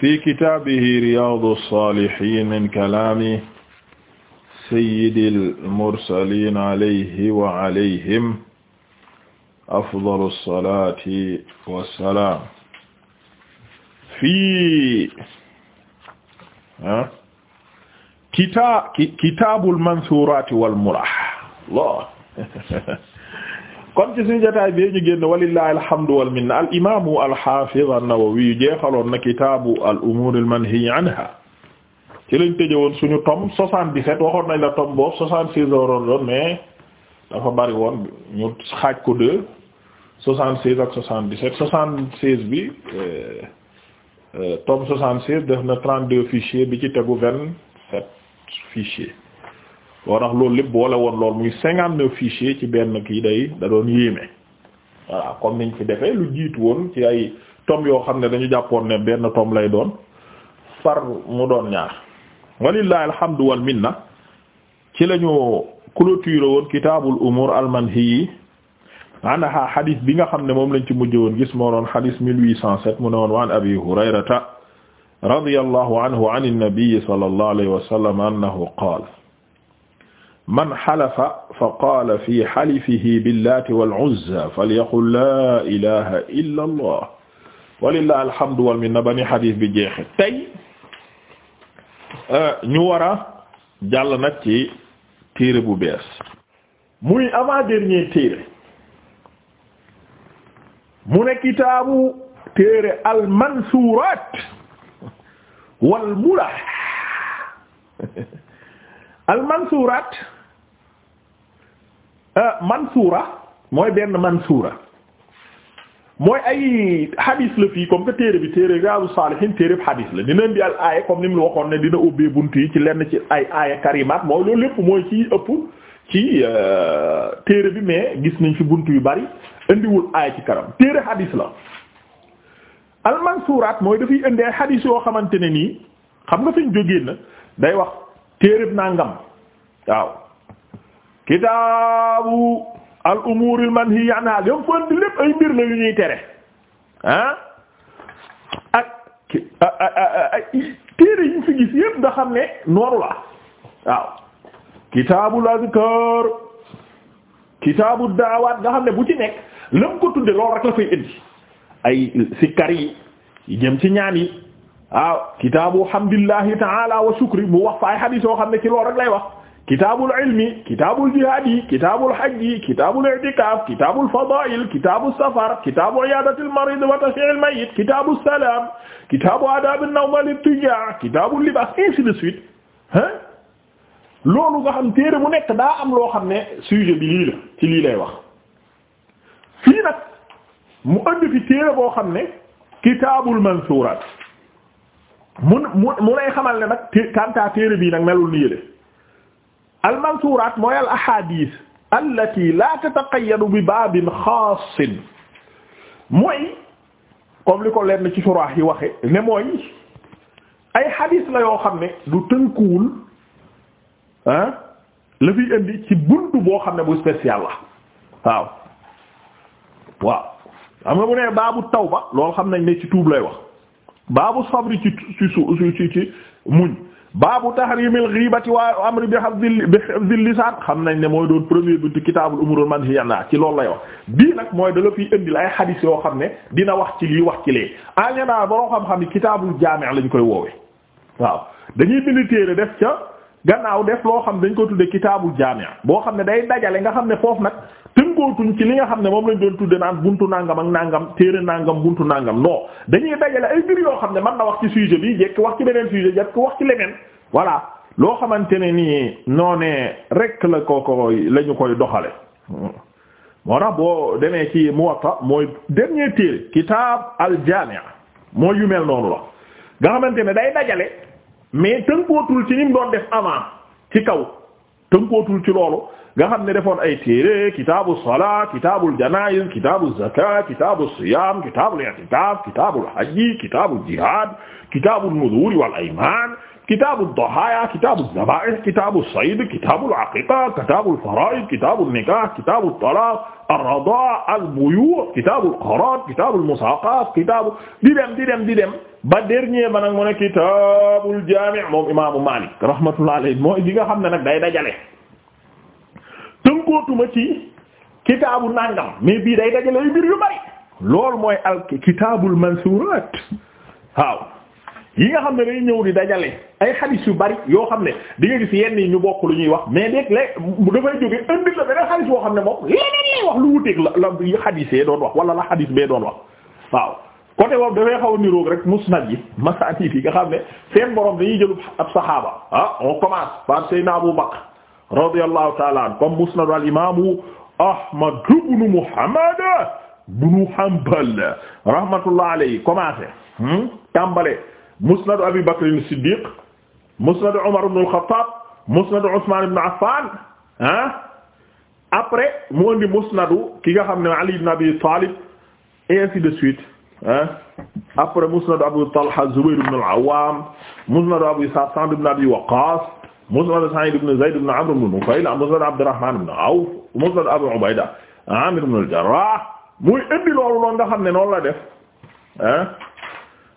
fi kitaabihi riyaadu saalihiin min kalaami sayyidil mursaliin alayhi wa alayhim afdalu salaati wa salaam fi kitaabul mansuuraati wal mulah kon ci suñu jotaay bi ñu génn walillahi alhamdu wal minna al imaamu al haafiz an-Nawawi jeexaloon na kitaabu al umuur al manhiy anha ci lañ tëjee woon suñu tome 77 waxoon nañ la tome boobu 66 waroon doon mais dafa bari woon ñu xaaj ko deux 76 ak 77 76 bi euh, euh, tome 76 def na 32 fichiers bi ci tegu 27 fichiers. waa tax loolu lépp boole woon loolu muy cinquante neuf fichier ci benn kii day da doon yéeme voilà comme niñ fi defee lu jiitu woon ci ay tom yoo xam ne dañu jàppoon ne benn tom lay doon far mu doon ñaar walillahi alhamdu wal minna ci lañu clôture woon kitaabul umur almanhiyi anha xadis bi nga xam ne moom lañ ci mujj woon gis moo doon xadis mille huit cent sept mu ne woon waan abi hurayrata radiyallahu anhu an an nabi sallallahu alayhi wa sallam annahu qaala man xalafa fa qaala fi xalifihi billaati wal uzza falyaqul laa ilaha illa allah walillahi alhamdu wal minna ba ni xadiis bi jeexe tey euh, ñu war a jàll nag ci téere bu bees muy avant dernier téere mu ne kitaabu téere al mansuuraat wal mulah al mansuuraat Euh, mansuura mooy benn mansuura mooy ay xadis la fii comme que téere bi téere Riyâdous Sâlihîne téere bi xadis la dina indi al aaya comme ni mu waxoon ne dina ubbee bunt yi ci lenn ci ay aaya karimaat mooy loolu lépp mooy ci ëpp ci euh, téere bi mais gis nañ fi bunt yu bari indiwul aaya ci karam téere xadis la al mansuuraat mooy dafay indi ay xadis yoo xamante ne nii xam nga fi ñu jógee na day wax téere bi nangam waaw. kitaabu al umuur al manhi anha yom fon di lépp ay mbir la yu ñuy tere ah ak téere yi fi gis yépp nga xam ne nooru la waaw kitaabul azkaar kitaabu daawaat nga xam ne bu ci nekk lam ko tudde loolu rek la fay indi ay sikkar yi jëm ci ñaan yi waaw kitaabu hamdillahi taala wa shukri bu wax fa ay xam ne ci loolu rek lay wax kitaabul ilmi kitaabul jihaad yi kitaabul hajj yi kitaabul i'tikaaf kitaabul fadaa'il kitaabul safar kitaabu iyaadatil mariid wa tashyi'il mayyit kitaabus salaam kitaabu aadaabin nawm lit tujjaa kitaabul libaas ainsi de suite hein loolu nga xam téere bu nekk daa am loo xam ne sujet bi lii la ci lii lay wax fii nag mu ënd fi téere boo xam ne kitaabul mansuuraat mu mu mu lay xamal ne nag kantaa téere bii nag melul nii le al mansuuraat mooy al ahadith allati la tataqayyadu bi babin xaasin mooy comme li ko leen ci suraax yi waxe ne mooy ay hadith la yoo xam ne du tënkuwul ah la fiy indi ci buntu boo xam ne bu spécial la waaw waaw xam nga bu nee baabu tawba loolu xam nañ ne ci tuub lay wax baabu sabri ci ci su ci ci muñ baabu tahrimil ghibati wa amri bi hafzil bi hafzil lisaan xam nañ ne mooy doon premier buntu kitaabul umurul manhiyana ci loolu lay wax bii nag mooy dala fiy indil ay xadis yoo xam ne dina wax ci lii wax ci lee en général boo xam-xam ni kitaabul jaami' lañ koy woowee waaw dañuy bind téere def ca gannaaw def loo xam dañ ko tuddee kitaabul jaami' boo xam ne day dajale nga xam ne foofu nag tënkootuñ ci li nga xam ne moom lañ doon tudde naan buntu nangam ak nangam téere nangam buntu nangam non dañuy dajale ay mbir yoo xam ne mën na wax ci sujet bi jekk wax ci beneen sujet jekk wax ci leneen voilà loo xamante ne nii noo rek la ko ko la ñu koy doxale moo tax boo demee ci Muwatta mooy dernier téere kitaab al-Jaami' mooy yu mel noonu la nga xamante ne day dajale mais tënkootul ci ni mu doon def avant ci kaw tënkootul ci loolu nga xam ne defoon ay téere kitaabu salaa kitaabul janaayiz kitaabu zakaa kitaabu siyaam kitaabul i'tikaaf kitaabul hajji kitaabul jihaad kitaabul nuzuur wal aymaan kitaabu dahaaya kitaabu zabaa'ih kitaabu sayd kitaabul aqiiqa kitaabul faraa'id kitaabul nikaah kitaabul talaaq ar-radaa al-buyuu' kitaabul qiraad kitaabul musaaqaat kitaabu di dem di dem di dem ba dernier ba nag mu ne kitaabul jaami' moom imaamu Maalik rahmatullahi alayhi mooy bi nga xam ne nag day dajale duggootuma ci kitaabu nàngam mais bii day dajale ay mbir yu bari loolu mooy al kitaabul mansuuraat waaw yi nga xam ne day ñëw di dajale ay xadis yu bari yoo xam ne di nga gis yenn yi ñu bokk lu ñuy wax mais léeg léeg dafay jóge indi la beneen xadis boo xam ne moom leneen lay wax lu la la xadisee doon wax wala la xadis bee waaw côté boobu dafay xaw a niroog rek musnad yi masanid yi nga xam ne seen borom dañuy jël ab saxaaba ah on commence par Seydina Abu Bakr radiyallahu ta'ala an comme musnad al imaamu Ahmad ibn Muhammad ibn Hanbal rahmatullah alayhi commencé hmm, tàmbale musnad Abi Bakr as-Siddiq musnad Umar ibn al-Khattab musnad Usman ibn Affan ah après mu indi musnadu ki nga xam ne Ali ibn Abi Talib et ainsi de suite ah après musnad Abu Talha Zubayr ibn al-Awwam musnad Abu Sa'd ibn Abi Waqqas musnad Sa'id ibn Zayd ibn Amr ibn Nufayl musnad Abdurrahman ibn Awf musnad Abu Ubayda Amir ibn al muy indi loolu noonu nga xam ne noonu la def ah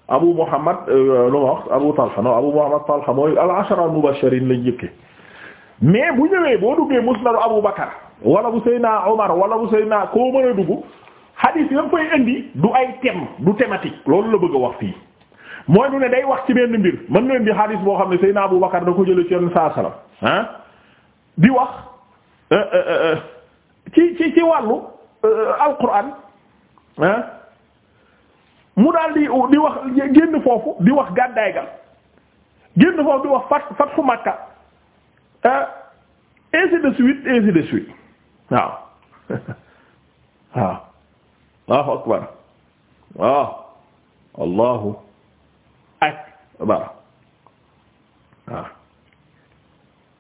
Abu Muhammad euh, lu ma wax Abu Talha non Abu Muhammad Talha mooy al-ashara al-mubashirin lañ jëkke mais bu ñëwee boo duggee musnad Abu Bakar wala bu Seyna Omar wala bu Seyna koo mën a dugg hadith yam fay indi du ay du thématique loolu la bëgg a wax fii mooy du ne day wax ci benn mbir mën na di xadis boo xam ne Seydina Abu Bakar da ko jëlee ci yenn saa salaam ah di wax euh, euh, euh, ci ci ci wàllu alquran ah mu daal di di wax génn foofu di wax gàddaay ga génn foofu di wax fat fatxu Makka ah, ainsi de suite ainsi de suite waaw waaw waaw akbar waaw allahu ak bara ah.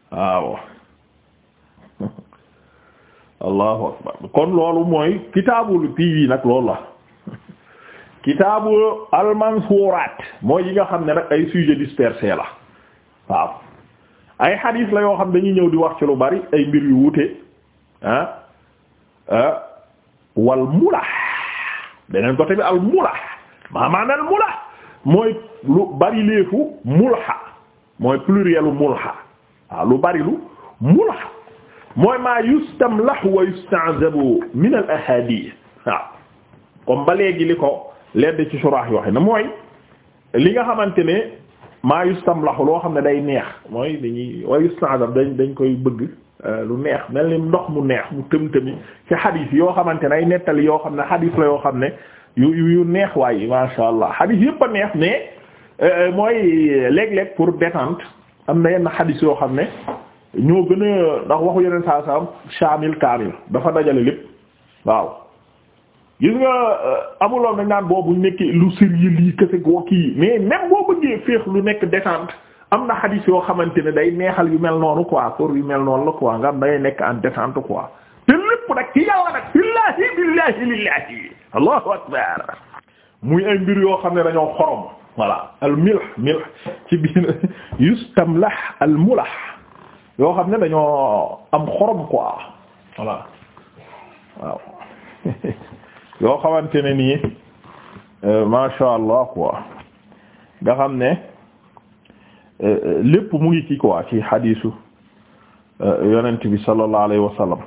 waaw allahu akbar kon loolu mooy kitaabul tiivi nag loolu la kitaabu almansuuraat mooy yi nga xam ne nag ay sujets dispersés la waaw ay xadiis la yoo xam ne dañuy ñëw di wax ci lu bari ay mbir yu wuute ah ah wal mula beneen côté bi al mula maa maana al mula mooy lu bari léefu mulxa mooy plurielu mulxa waaw lu bari lu mulxa mooy maa yustamlahu wa yusta'zabu min al ahadith waaw comme ba léegi li ko ledd ci suraax waxe na mooy li nga xamante ne maa yustamlahu loo xam ne day neex mooy dañuy wa yusta'zab dañ dañ koy bëgg euh, lu neex mel ni ndox mu neex mu tëm-tëmi ci xadiis yoo xamante ne ay nettali yoo xam ne xadiis la yoo xam ne yu yu neex waaye masha Allah xadis yépp a neex mais euh, mooy euh, léeg-léeg pour détente am na yenn xadis yoo xam ne ñoo gën a ndax waxu yeneen saa saam shamil kaamil dafa dajale lépp waaw gis nga euh, amuloon dañ naan boobu nekk lu sérieux lii kese goo kii mais même boo bëggee féex lu nekk détente am na xadis yoo xamante ne day neexal yu mel noonu quoi pour yu mel noonu la quoi nga am da ngay nekk en détente quoi te lépp nag ci yàlla nag billahi billahi lillahi allahu akbar muy ay mbir yoo xam ne dañoo xorom voilà al milh ci biir yustamlah al mulah yoo xam ne dañoo am xorom quoi waaw yoo xamante ne nii euh, masha allah quoi nga xam ne euh, euh, lépp mu ngi ci quoi ci xadiisu yonent bi sallallahu alayhi wa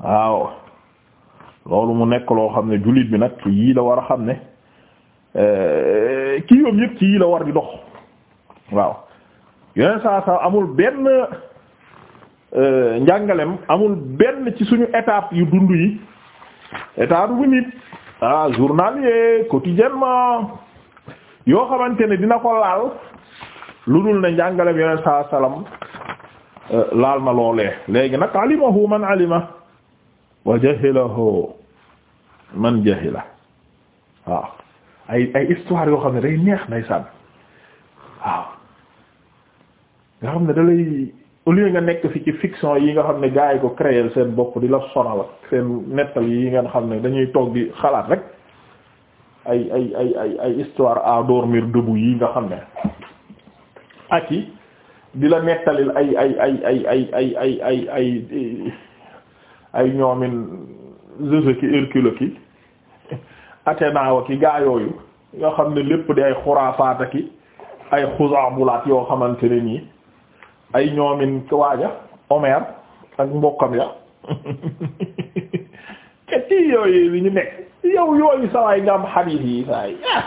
waaw loolu mu nekk loo xam ne jullit bi nag yii la war a xam ne eh, kii yoom yëpp ci yii la war di dox waaw yeneen saa saa amul benn eh, njàngalem amul benn ci suñu étape yu dund yi étape bu nit ah journalier quotidiennement yoo xamante ne dina ko laal lu dul ne njàngalem yeneen saa salaam eh, laal na loolee léegi nag alimahu man alima wa jahilahu man jahila waaw ay ay histoire yoo xam ne day neex nay sànn waaw nga xam ne dalay au nga nekk fi ci fiction yi nga xam ne gars ko créer seen bopp di la sonal ak seen nettal yi nga xam ne dañuy toog di xalaat rek ay ay ay ay ay histoire à dormir yi nga xam ne ak yi di la nettalil ay ay ay ay ay ay ay ñoomin Zeus ki Hercule ki Athéna ki gaa yooyu xam ne lépp di ay xuraafaata ki ay xuzaabulaat yoo xamante ne nii ay ñoomin waaja Homère ak mbokkam ya te kii yooyu li ñu nekk yow yooyu sawaay nga am xadiis yi saa yi ah,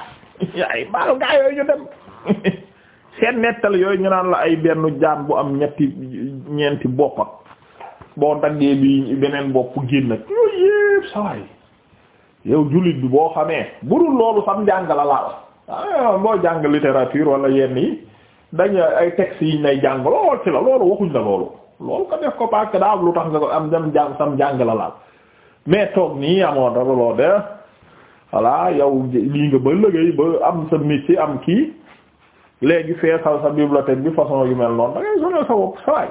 yaay baal gaa ñu dem seen nettal yooyu ñu naan la ay benn jaan bu am ñetti ñeenti boppam boo daggee bi beneen bopp génn ak yooyu yépp sawaay yow jullit bi boo xamee budul loolu sam njàng la laal ah boo jàng littérature walla yenn yi dañ ay textes yiñ lay jàng lool ci la loolu waxuñ la loolu loolu ko def ko parce que lu tax nga ko am dem jàng sam njàng la laal mais toog nii amoo dara loo def voilà yow lii nga ba liggéey ba am sa métier am kii léegi feesal sa bibliothèque bi façon yu mel noonu da ngay sonal sa bopp sawaay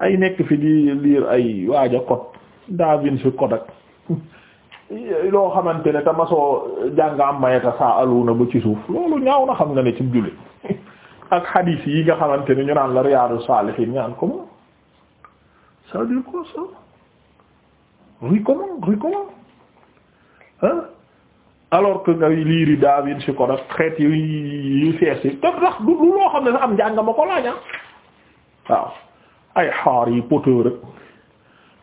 ay nekk fi di liir ay waaja code Da si code ak loo xamante ne te masoo jàng am mayeta saa alu na ba ci suuf loolu ñaaw na xam nga ne ci julli ak hadith yi nga xamante ne ñu naan la Riyadus Salihin ñu naan comment ça veut dire quoi ça rue comment rue comment alors que nga liiri Da Vinci code ak xeet yu yu fees yi te tax du loo xam ne sax am njàng ma ko laaña ah. waaw ay xaar yi poteur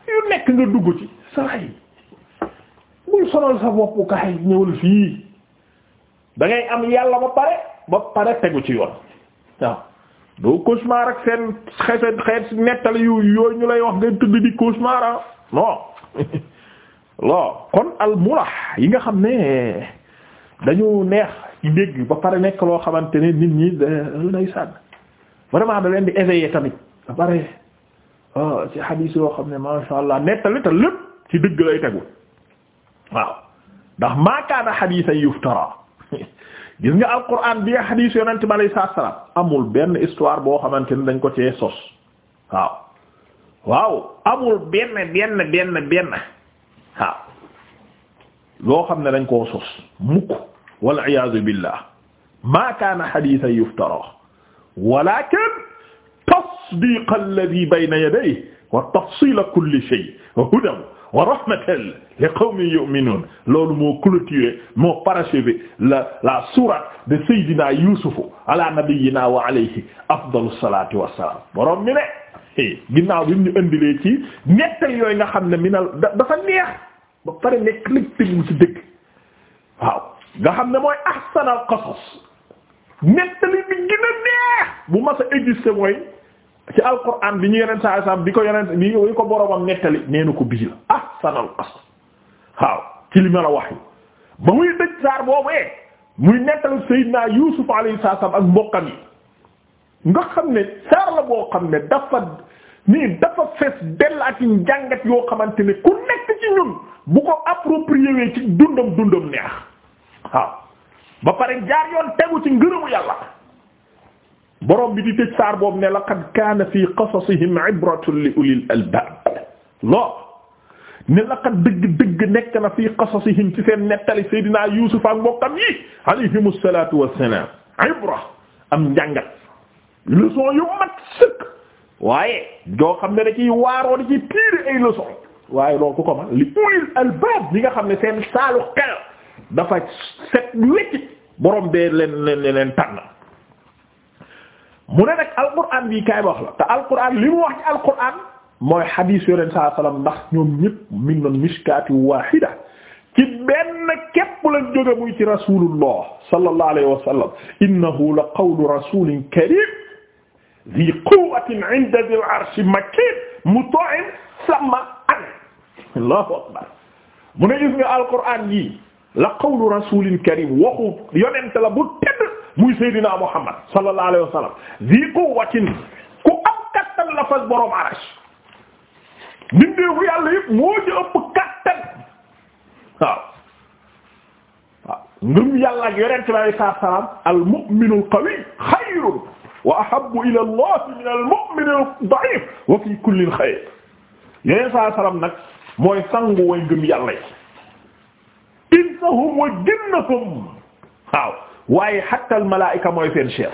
yu nekk nga dugg ci saray bul sonal sa bopp kaay ñëwal fii da ngay am yàlla ba pare ba pare tegu ci yoon waaw doo cauchemar ak seen xeet xeet nettali yu yooyu ñu lay wax ngay tudd di cauchemar ah non kon al yi nga xam ne dañu neex ci dégg ba pare nekk loo xamante ne nit ñi day sànn vraiment da leen di tamit ba pare Ah, ci xadiis yoo xam ne masha allah nettali te lépp ci dëgg lay tegu waaw ndax maakaana xadiisan yuftara gis nga alquran bi xadiis yonent bi alayhi salaatu salaam amul benn istoir boo xamante ne dañ ko cee sos waaw waaw amul benn benn benn benn loo xam ne dañ koo sos mukk wal iyaazu billah maakaana xadiisan yuftara walakin tasdiqa alladhi bayna yadayhi wa tafsila kulli shay wa hudan wa rahmatan li qawmin yu'minun loolu moo clôturé moo parachevé la la sourate de Seydina Youssouf ala nabiyyina wa alayhi afdalu salatu wassalam borom mi ne eh, ginnaaw bi ñu indilee ci ñettal yooyu nga xam ne minal dafa neex ba pare nekk lépp tegu ci dëgg waaw nga xam ne mooy ahsanal qasas nettali bi gën a neex bu mas a mooy ci alquran bi ñu yeneen saa saam bi ko yeneen bi ñu ko boromam nettali neenu ko bii la ahsanal qasas waaw ci li la wax ba muy dëj saar boobee muy nettali Seydina Yuusuf alayhi salaam ak mbokkam yi nga xam ne saar la boo xam ne dafa nii dafa fees dell ak njàngat yoo xamante ne ku nekk ci ñun bu ko approprié ci dundam dundam neex waaw. ba pare jaar yoon tegu ci ngërëmu yàlla bi di tëj saar boobu ne laqad kaana fi qasasihim ibratun li ulil albaab loo ne laqad dëgg-dëgg nekk na fi qasasihim ci seen nettali Seydina Yuusuf ak mbokkam yi alayhimu salaatu wassalaam ibra am njàngat leçon waaye joo xam ne da ciy waaroo da ciy tiire ay leçon waaye loolu li ulil albaab nga xam ne seen saalu xel dafa set wécc borom bee leen leen leen tànn mu ne nag alquran bii kaay wax la te alquran li mu wax ci alquran mooy xadiis yoneen saa salaam ndax ñoom ñëpp min noon mishkaati waahida ci benn képp la jóge muy ci rasulullah sallallahu alayhi wa sallam innahu la qawlu rasulin karim dhi quwwatin 'inda dhil 'arshi makin muta'in thumma an allahu akbar mu ne gis nga alquran yi la qawlu rasulin karim waxu yonent la bu tedd muy Seydina Muhammad sallallahu alayhi wa sallam zi quwwatin ku am kattan la fas borom arash bindeefu yàlla yëpp moo ci ëpp kattan waaw waaw ngëm yàlla ak yonent bi alayhi salaatu wa salaam al mu'minu al qawi xayrun wa ahabbu ila Allah min al mu'min al da'if wa fi kulli xayr yonent bi alayhi salaam nag mooy sangu way ngëm yàlla yi insahum wa jinnakum waaw waaye hatta al malaa'ika mooy seen chef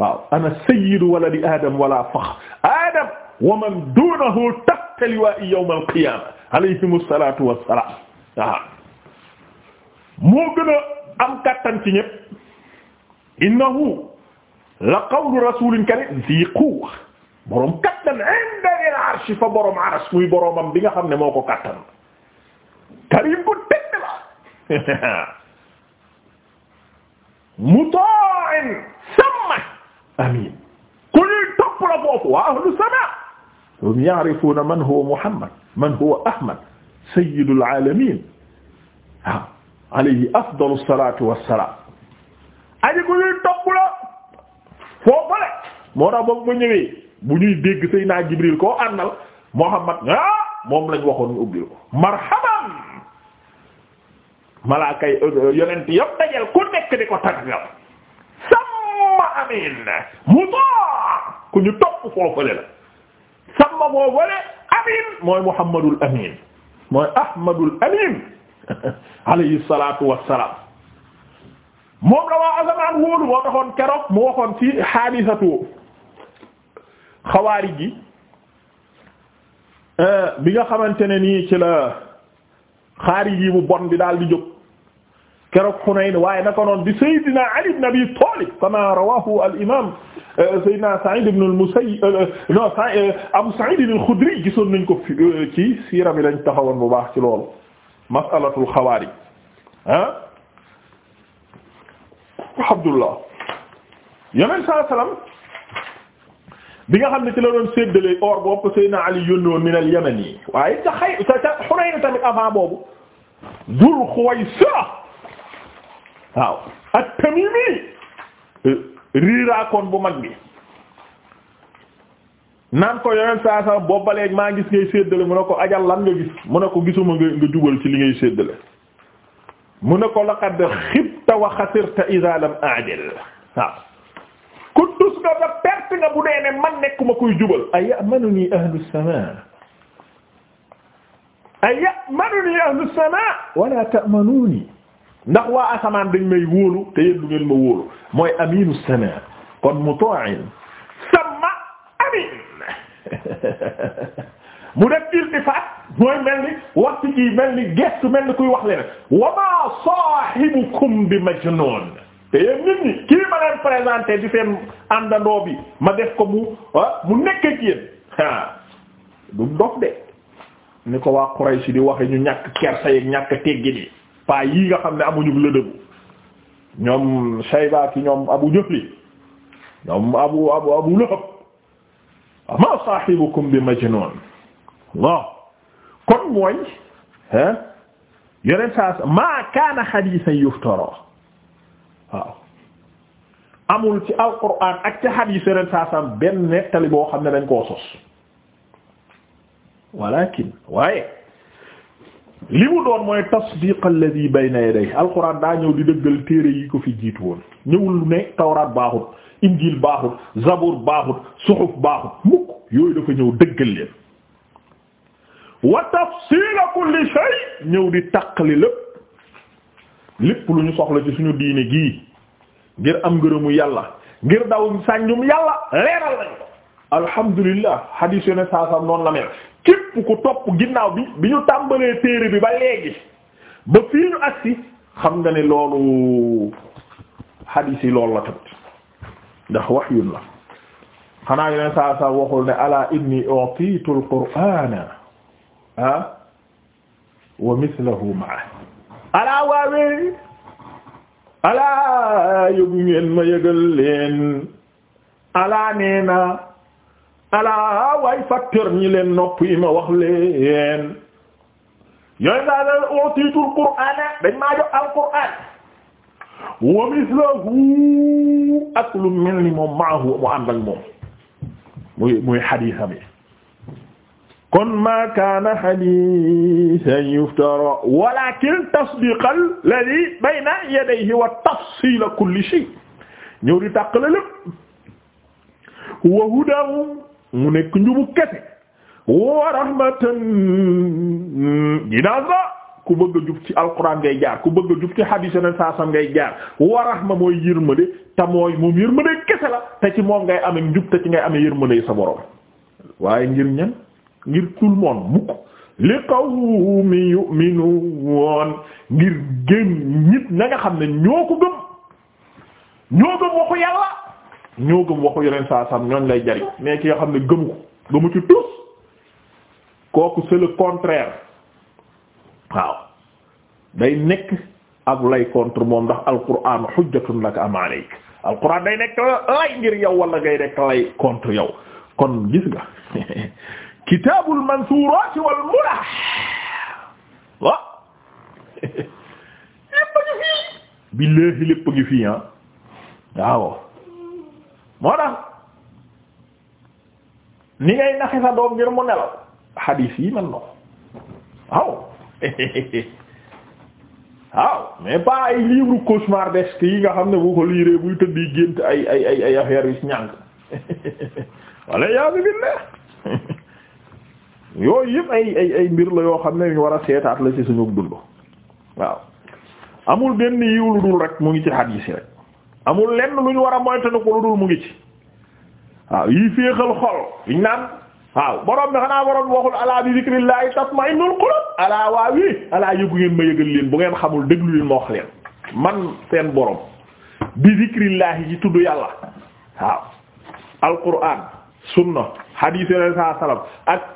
waaw ana sayyidu waladi adam wala fakhr adam wa man duunahu tahta liwaa'i yawm al qiyaama alayhim as-salaatu am kattan ci ñépp innahu la qawlu rasulin karim fi quwwa borom kattan inda al arsh fa borom arsh muy boromam bi nga xam ne moo ko kattan karim bu tedd la muta'in samma amin ku ñuy topp la foofu wa ahlu sama hum ya'rifuna man huwa muhammad man huwa ahmad sayyidul alamin waaw alayhi afdalu salatu wassalam aji ku ñuy topp la foofu le moo tax boobu bu ñëwee bu ñuy dégg Seydina Jibril koo àndal muhammad ah moom lañ waxoon ñu ubbi ko marhaban malaaka yi euh, yonent yëpp dajeel ku nekk di ko taggal samma amin mutaa ku ñu topp foofale la samma foofale amin mooy muhammadul amin mooy ahmadul amin alayhi salatu wassalam moom la waa asamaan wóolu moo taxoon keroog mu waxoon ci xaadisatu xawaari ji euh, bi nga xamante ne nii ci la xaari yi bu bon bi daal di jóg keroog Hunayn waaye naka noonu bi Seydina Ali ibn Abi Talib kama rawahu al imam euh, Seydina Sa'id ibn al-Musayyib euh, euh, non Abu Sa'id al-Khudri gisoon nañ ko ci siira bi lañ taxawoon bu baax ci loolu mas'alatul xawaarij ah Abdullah yeneen saa salaam bi nga xam ne ci la doon séddale or boobu ko Seydina Ali yónni woon min al-Yaman yi waaye ca xay ca Hunayn tamit avant boobu Dul Xuwaysa waaw at-Tamimi riiraakoon bu mag bi naan ko yoneen saa saa boobu ba léegi maa gis ngay séddale mu ne ko ajal lan nga gis mu ne ko gisuma nga nga jubal ci li ngay séddale mu ne ko laqad xibta wa xasirta idha lam waaw ku tus nga ba perte nga bu dee ne man nekkuma kuy jubal ay ya'manuni ahlu samaa ay ya'manuni ahlu samaa wala ta'manuni ndax waa asamaan dañ may wóolu te yéen ngeen ma wóolu mooy aminu samaa kon muta'in sama amin mu def iltifaat mooy mel ni waxtu ji mel ni gestu mel ni kuy wax leen wa maa saahibukum bi majnuun te yéen nit ñi kii ma leen présenté di seen àndandoo bi ma def ko mu ah, mu nekk ci yéen ah du dof de ni ko waa Quraysh di waxe ñu ñàkk kersa yeeg ñàkk teggin yi paa yii nga xam ne amuñu lëdëbu ñoom Shayba ki ñoom Abu Jahli ñoom Abu Abu Abu Lahab ma sahibukum bi majnun waaw kon mooy ah yeneen saa maa kaana hadiisan yuftaraa waaw amul ci alquran ak ci hadiis yeneen saa saam benn nettali boo xam ne dañ koo sos walakin waaye. li mu doon mooy tasdiq alladhi bayna yadayhi alquran daa ñëw di dëggal téere yi ko fi jiitu woon ñëwul ne tawraat baaxut injil baaxut zabur baaxut suxuf baaxut mukk yooyu dafa ñëw dëggal leen wa tafsila kulli shay ñëw di taqali lépp lépp lu ñu soxla ci suñu diine gii ngir am ngërëmu yàlla ngir daw sànjum yàlla leeral lañu alhamdulillah hadis yo ne saasam noonu la mel képp ku topp ginnaaw bi bi ñu tàmbalee téere bi ba léegi ba fii ñu agsi xam nga ne loolu hadis yi loolu la tamit ndax wahyun la xanaa yo ne saasam waxul ala inni utitu al qur'ana ah? wa mithlahu ma'a ala waawee ala yóbbu ngeen ma yëgal leen alaa waay facteur ñi leen nopp yi ma wax leen yooyu daa leen utiitul qur'aana dañ maa jox al qur'aan wa mislahu ak lu mel ni moom maahu mu ànd ak moom muy muy xadiisa bi kon ma kaana xadiisan yuftara walaakin tasdiqal ladhi bayna yadayhi wa tafsiila kulli shay ñëw di tàqale lépp wa hudan mu nekk njubu kese wa rahmatan ginaaw la ku bëgg a jub ci alquran ngay jaar ku bëgg a jub ci hadith na saasam ngay jaar wa rahma mooy yërmande te mooy moom yërmande kese la te ci moom ngay amee njub te ci ngay amee yërmande sa borom waaye ngir ñan ngir tout le monde mukk li qawmi yu'minun ngir gën nit na nga xam ne ñoo ko gëm ñoo gëm waxu yàlla ñoo gëm waxu lay jariñ mais ki yoo xam ne gëmu ko gëmu ci tous kooku c'est le contraire waaw day nekk ab lay contre moom ndax alquran hujjatun laka am alayk alquran day nekk lay ngir yow wala ngay nekk lay contre yow kon gis nga kitaabul mansuuraat wal mulah lépp ngi fii billaahi lépp ngi fii ah waaw moo tax ni ngay naxe sa doom ngir mu nelaw xadiis yi man no waaw waaw mais pas ay livre cauchemardesque yi nga xam ne bu ko liiree buy tëdd yi gént ay ay ay ay affaire yu ñàng walla yaa bi billah yëpp ay ay ay mbir la yoo xam ne ñu war a seetaat la ci suñu dund waaw amul benn yiw lu dul rek mu ngi ci xadiis yi rek amul lenn lu ñu war a moytandiku lu dul mu ngi ci waaw yii féexal xol yiñ naan waaw borom bi xanaa borom bi waxul alaa bi zikrillahi tatma'innul qulub alaa waawi alaa yëgu ngeen ma yëgal leen bu ngeen xamul déglu leen ma wax leen man seen borom bi zikrillahi ci tudd yàlla waaw alquran sunna hadith sallallahu alayhi wasallam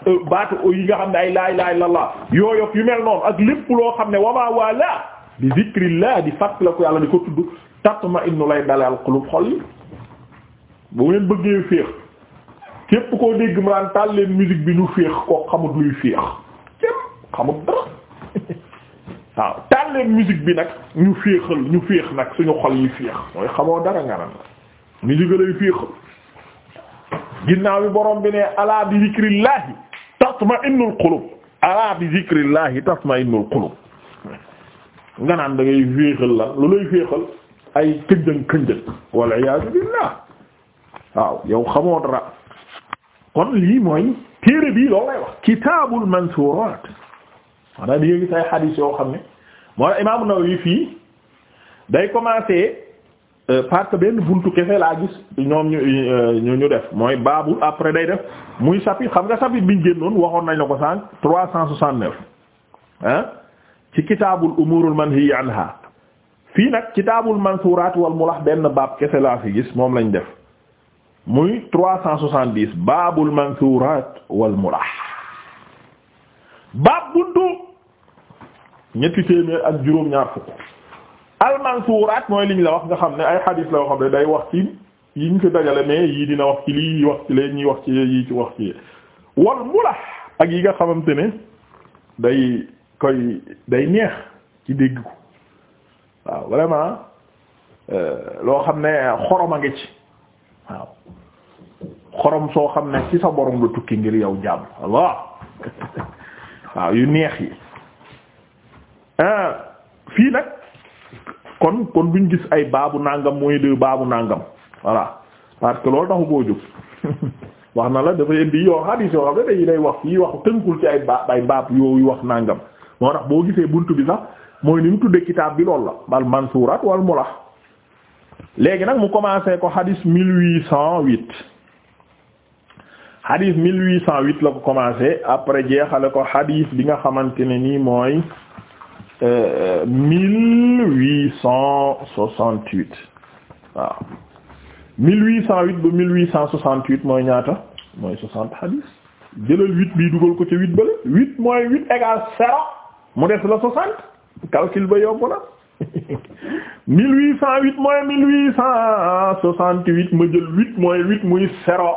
euh, yi nga xam ne ay laa ilaaha illallah yooyu yu mel noonu ak lépp loo xam ne wamaa waalaa bi zikrillah di fàttaliku yàlla di ko tudd tatma innu lay dalal xulub xol yi bu ngeen bëggee féex képp koo dégg mu naan taal leen bi ñu féex koo xamut luy féex képp xamut dara waaw taal leen bi nag ñu féexal ñu féex nag suñu xol yi féex mooy xamoo dara nga naan musique lay féexal ginnaaw bi borom bi ne alaa bi zikrillahi tatma innul qulub alaa bi zikrillahi tatma innul naan da ngay féexal la lu lay féexal ay kënjën kënjën walla iyaazu billaah waaw yow xamoo dara kon lii mooy téere bi loolu lay wax kitaabul mansuuraat maanaam di nga gis ay xadiis yoo xam ne moo la imaamu Nawawi fii day commencer euh, parce benn buntu kese laa gis ñoom ñu ñu def mooy baabu après day def muy chapitre xam nga chapitre biñ génnoon waxoon nañ la ko sànq trois cent soixante-neuf ah ci kitaabul umuurul manhiyyi anhaa fii nag kitaabul mansuraat wal mulah benn baab kese laa fi gis moom lañ def muy trois cent soixante-dix baabul mansuraat wal mulah baab buntu ñetti téeméer ak juróom-ñaar fukk al mansuraat mooy liñ la wax nga xam ne ay xadiis la yoo xam ne day wax ci yi ñu fi dajale mais yii dina wax ci lii wax ci lee ñuy wax ci yii ci wax ci wal mulah ak yi nga xamante ne day koy day neex ci dégg ko waaw vraiment euh, loo xam ne euh, xorom a ngi ci waaw xorom soo xam ne ci sa borom la tukki ngir yow jàmm Allah waaw yu neex yi ah, fii nag kon kon duñ gis ay baabu nàngam mooy de baabu nàngam voilà parce que loolu taxu koo jóg wax na la dafay indi yoo xadiis yoo xam ne day day wax yi wax tënkul ci ay baab ay baab yooyu wax nàngam moo tax boo gisee bunt bi sax mooy ni mu tuddee kitaab bi loolu la al mansuuraat wal mulah léegi nag mu commencé ko hadis mille huit cent mille huit cent huit la ko commencé après jeexale ko hadis bi nga xamante ne nii mooy euh, mille huit cent soixante huit waaw mille huit soixante huit mooy ñaata mooy soixante hadis jëlal huit bii dugal ko ca huit bële huit mooy huit égale zéro mu des la soixante calcul ba yomb na mille huit cent huit mooy mille huit cent soixante huit ma jël huit mooy huit muy zéro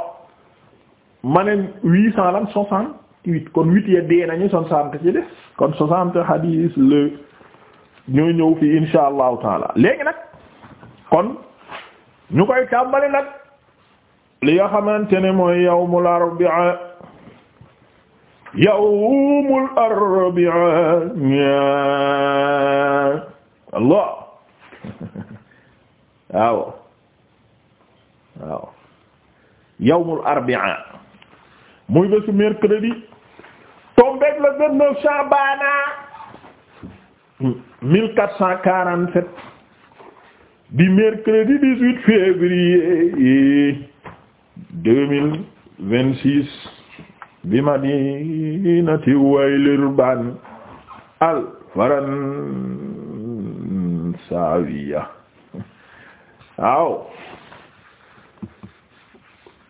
ma huit cent lan soixante huit kon huit ya dee nañu soixante ci des kon soixante hadis le ñoo ñëw fi insha allahu taala léegi nag kon ñu koy tàmbali nag li nga xamante ne mooy yawmul arba'a yawmul arbi'a Allah waaw waaw yawmul arbi'a muy bésu mercredi tombeeg le vingt-neuf Chaabana quatre cent quarante-sept di mercredi dix deux mille vingt-six bi madinati Waylirbaan al faransawiya waaw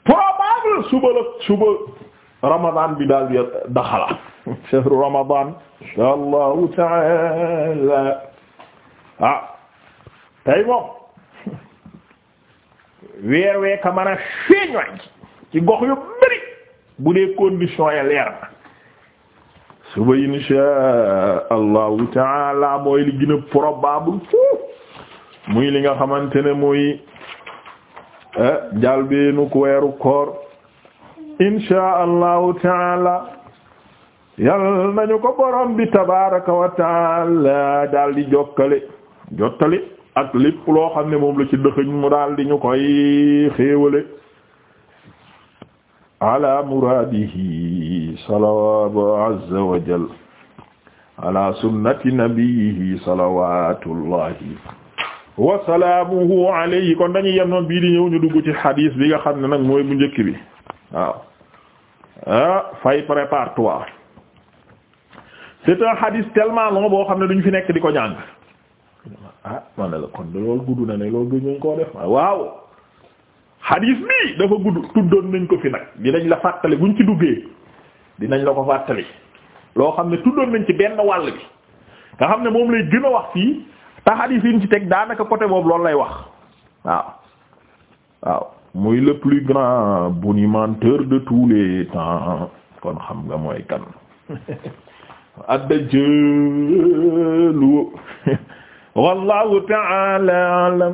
probable suba la suba Ramadan bi daal daxala shahru Ramadan insha Allahu ta'ala ah tey moom weer wee ka mën a feeñ gox yu bari bu dee condition ya leer na suba insha allahu taala mooy li gën a probable foof muy li nga xamante ne muy eh, jalbeenu ku weeru koor insha allahu taala yal nañu ko borom bi tabaraka wa taala daal di jokkale jottali ak lépp loo xam ne moom la ci dëxëñ mu daal di ñu koy xéewale ala muraadihi salawaatu azza wa jal ala sunnati nabiyihi salawaatullahi wa salaamuhu alayhi kon dañuy yem noon bii di ñëw ñu dugg ci xadiis bi nga xam ne nag mooy bu njëkk bi waaw ah fay prépare-toi c'est xadiis tellement long boo xam ne duñ fi nekk di ko jàng ah man la kon de loolu gudd na ne loolu ñu ko def waaw xadiis bi dafa gudd tuddoon nañ ko fi nag dinañ la fàttali buñ ci duggee dinañ la ko fàttali loo xam ne tuddoon nañ ci benn wàll bi nga xam ne moom lay gën a wax fii te xadiis yi ñu ci teg daanaka côté boobu loolu lay wax waaw waaw muy le plus grand bonimenteur de tous les temps kon xam nga mooy kan ad-Dajjal wallahu ta'ala alam